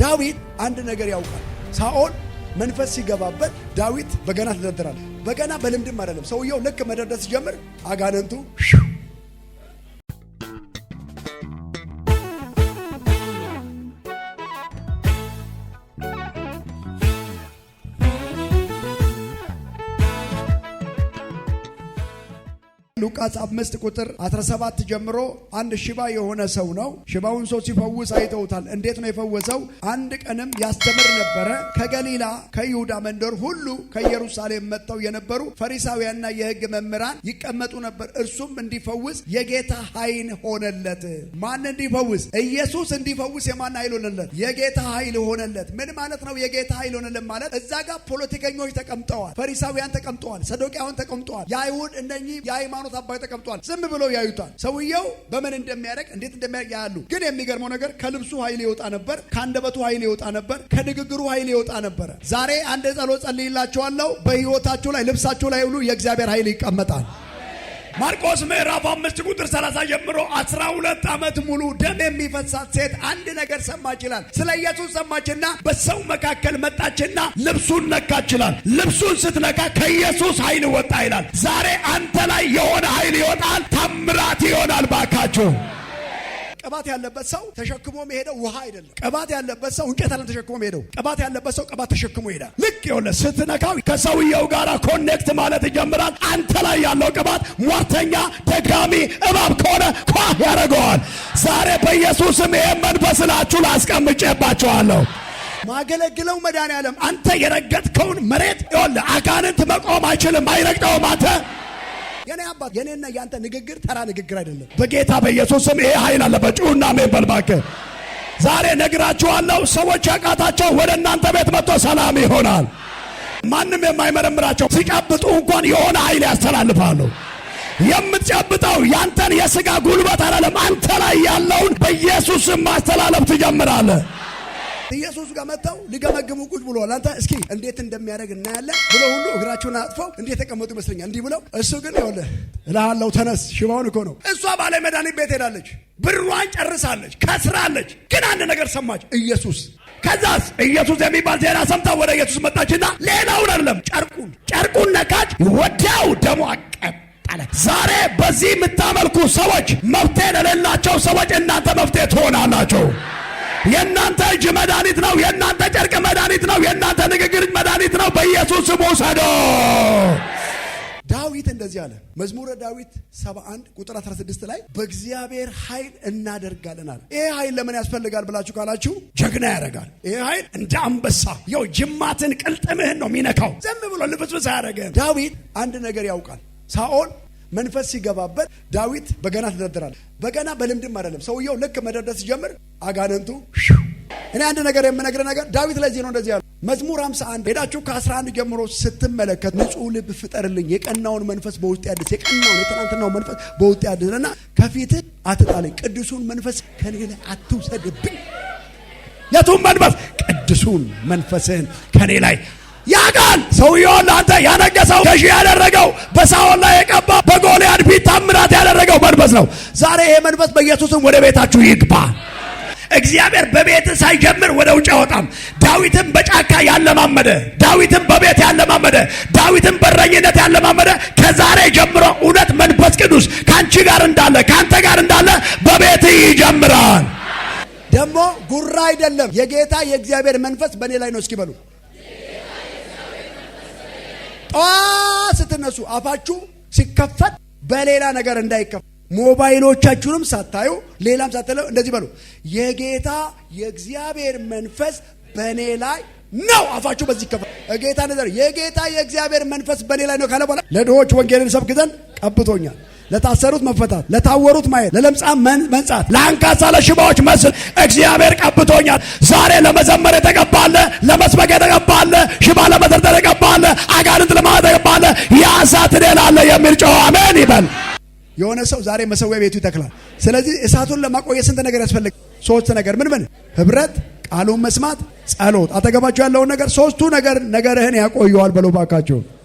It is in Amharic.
ዳዊት አንድ ነገር ያውቃል። ሳኦል መንፈስ ሲገባበት ዳዊት በገና ተደርድራል። በገና በልምድም አይደለም። ሰውየው ልክ መደርደር ሲጀምር አጋንንቱ ሉቃስ አምስት ቁጥር 17 ጀምሮ አንድ ሽባ የሆነ ሰው ነው። ሽባውን ሰው ሲፈውስ አይተውታል። እንዴት ነው የፈወሰው? አንድ ቀንም ያስተምር ነበረ። ከገሊላ ከይሁዳ መንደር ሁሉ ከኢየሩሳሌም መጥተው የነበሩ ፈሪሳውያንና የሕግ መምህራን ይቀመጡ ነበር። እርሱም እንዲፈውስ የጌታ ኃይል ሆነለት። ማን እንዲፈውስ? ኢየሱስ እንዲፈውስ የማን ኃይል ሆነለት? የጌታ ኃይል ሆነለት። ምን ማለት ነው? የጌታ ኃይል ሆነለት ማለት እዛ ጋር ፖለቲከኞች ተቀምጠዋል፣ ፈሪሳውያን ተቀምጠዋል፣ ሰዶቅያውን ተቀምጠዋል። የአይሁድ እነኚህ የሃይማኖት ሃይማኖት አባይ ተቀምጧል። ዝም ብለው ያዩታል። ሰውየው በምን እንደሚያደርግ እንዴት እንደሚያደርግ ያሉ። ግን የሚገርመው ነገር ከልብሱ ኃይል ይወጣ ነበር፣ ከአንደበቱ ኃይል ይወጣ ነበር፣ ከንግግሩ ኃይል ይወጣ ነበረ። ዛሬ አንድ ጸሎት ጸልይላችኋለሁ። በህይወታችሁ ላይ ልብሳችሁ ላይ ሁሉ የእግዚአብሔር ኃይል ይቀመጣል። ማርቆስ ምዕራፍ አምስት ቁጥር 30 ጀምሮ 12 ዓመት ሙሉ ደም የሚፈሳት ሴት አንድ ነገር ሰማች ይላል። ስለ ኢየሱስ ሰማችና በሰው መካከል መጣችና ልብሱን ነካች ይላል። ልብሱን ስትነካ ከኢየሱስ ኃይል ወጣ ይላል። ዛሬ አንተ ላይ የሆነ ኃይል ይወጣል። ታምራት ይሆናል ባካችሁ ቅባት ያለበት ሰው ተሸክሞ መሄደው ውሃ አይደለም። ቅባት ያለበት ሰው እንጨት አለም ተሸክሞ መሄደው። ቅባት ያለበት ሰው ቅባት ተሸክሞ ይሄዳል። ልክ የሆነ ስትነካው ከሰውየው ጋር ኮኔክት ማለት ይጀምራል። አንተ ላይ ያለው ቅባት ሟርተኛ ደጋሚ እባብ ከሆነ ኳ ያደርገዋል። ዛሬ በኢየሱስም ይሄን መንፈስ ላችሁ ላስቀምጬባቸዋለሁ። ማገለግለው መድኃኔዓለም አንተ የረገጥከውን መሬት ይኸውልህ፣ አጋንንት መቆም አይችልም፣ አይረግጠውም አንተ የኔ አባት የኔና ያንተ ንግግር ተራ ንግግር አይደለም። በጌታ በኢየሱስ ስም ይሄ ኃይል አለ። በጩሁና አሜን በልባከ ዛሬ ነግራችኋለሁ። ሰዎች ያቃታቸው ወደ እናንተ ቤት መጥቶ ሰላም ይሆናል። ማንም የማይመረምራቸው ሲጨብጡ እንኳን የሆነ ኃይል ያስተላልፋሉ። የምትጨብጠው ያንተን የሥጋ ጉልበት አይደለም፣ አንተ ላይ ያለውን በኢየሱስ ስም ማስተላለፍ ትጀምራለህ። ኢየሱስ ጋር መጥተው ሊገመግሙ ቁጭ ብሎ አንተ እስኪ እንዴት እንደሚያደርግ እናያለን ብሎ ሁሉ እግራቸውን አጥፈው እንዴት ተቀመጡ ይመስለኛል። እንዲህ ብለው እሱ ግን ይኸውልህ እልሃለሁ ተነስ፣ ሽባውን እኮ ነው። እሷ ባለ መድኃኒት ቤት ሄዳለች፣ ብሯን ጨርሳለች፣ ከስራለች። ግን አንድ ነገር ሰማች ኢየሱስ ከዛስ ኢየሱስ የሚባል ዜና ሰምታ ወደ ኢየሱስ መጣችና ሌላውን አይደለም ጨርቁን ጨርቁን ነካች። ወዲያው ደሞ አቀጠለ። ዛሬ በዚህ የምታመልኩ ሰዎች መፍትሄ ለሌላቸው ሰዎች እናንተ መፍትሄ ትሆናላቸው። የእናንተ እጅ መድኃኒት ነው። የእናንተ ጨርቅ መድኃኒት ነው። የእናንተ ንግግር መድኃኒት ነው። በኢየሱስ ስም ውሰዶ። ዳዊት እንደዚህ አለ። መዝሙረ ዳዊት 71 ቁጥር 16 ላይ በእግዚአብሔር ኃይል እናደርጋለን አለ። ይሄ ኃይል ለምን ያስፈልጋል ብላችሁ ካላችሁ ጀግና ያደርጋል። ይሄ ኃይል እንደ አንበሳ ያው ጅማትን ቅልጥምህን ነው የሚነካው። ዝም ብሎ ልብስብስ አያደርግም። ዳዊት አንድ ነገር ያውቃል። ሳኦል መንፈስ ሲገባበት ዳዊት በገና ተደርድራል። በገና በልምድም አይደለም። ሰውየው ልክ መደርደር ሲጀምር አጋንንቱ እኔ አንድ ነገር የምነግረ ነገር ዳዊት ለዚህ ነው እንደዚህ ያሉ መዝሙር 51 ሄዳችሁ ከ11 ጀምሮ ስትመለከት ንጹህ ልብ ፍጠርልኝ፣ የቀናውን መንፈስ በውስጥ ያድስ፣ የቀናውን የትናንትናው መንፈስ በውስጥ ያድስ እና ከፊትህ አትጣለኝ፣ ቅዱሱን መንፈስ ከኔ ላይ አትውሰድብኝ። የቱን መንፈስ? ቅዱሱን መንፈስህን ከኔ ላይ ያጋል። ሰውየውን ለአንተ ያነገሰው ገዢ ያደረገው በሳኦል ላይ ነው። ዛሬ ይሄ መንፈስ በኢየሱስም ወደ ቤታችሁ ይግባ። እግዚአብሔር በቤት ሳይጀምር ወደ ውጭ አወጣም ዳዊትን በጫካ ያለማመደ፣ ዳዊትም በቤት ያለማመደ፣ ዳዊትን በረኝነት ያለማመደ ከዛሬ ጀምሮ እውነት መንፈስ ቅዱስ ከአንቺ ጋር እንዳለ፣ ከአንተ ጋር እንዳለ በቤት ይጀምራል። ደግሞ ጉራ አይደለም። የጌታ የእግዚአብሔር መንፈስ በእኔ ላይ ነው እስኪበሉ ጠዋት ስትነሱ አፋችሁ ሲከፈት በሌላ ነገር እንዳይከፈት ሞባይሎቻችሁንም ሳታዩ ሌላም ሳታዩ እንደዚህ በሉ፣ የጌታ የእግዚአብሔር መንፈስ በእኔ ላይ ነው። አፋችሁ በዚህ ይከፈል። ጌታ የጌታ የእግዚአብሔር መንፈስ በእኔ ላይ ነው ካለ በኋላ ለድሆች ወንጌልን ሰብክ ዘንድ ቀብቶኛል፣ ለታሰሩት መፈታት፣ ለታወሩት ማየት፣ ለለምጻም መንጻት፣ ለአንካሳ ለሽባዎች መስል እግዚአብሔር ቀብቶኛል። ዛሬ ለመዘመር የተቀባለ፣ ለመስበክ የተቀባለ፣ ሽባ ለመዘርጠር የተቀባለ፣ አጋንንት ለማለት የተቀባለ ያ እሳት የሚል ጨዋ አሜን ይበል። የሆነ ሰው ዛሬ መሰዊያ ቤቱ ይተክላል። ስለዚህ እሳቱን ለማቆየት ስንት ነገር ያስፈልግ? ሶስት ነገር ምን ምን? ህብረት፣ ቃሉን መስማት፣ ጸሎት። አጠገባቸው ያለውን ነገር ሶስቱ ነገር ነገርህን ያቆየዋል። በሎባካቸው። ባካቸው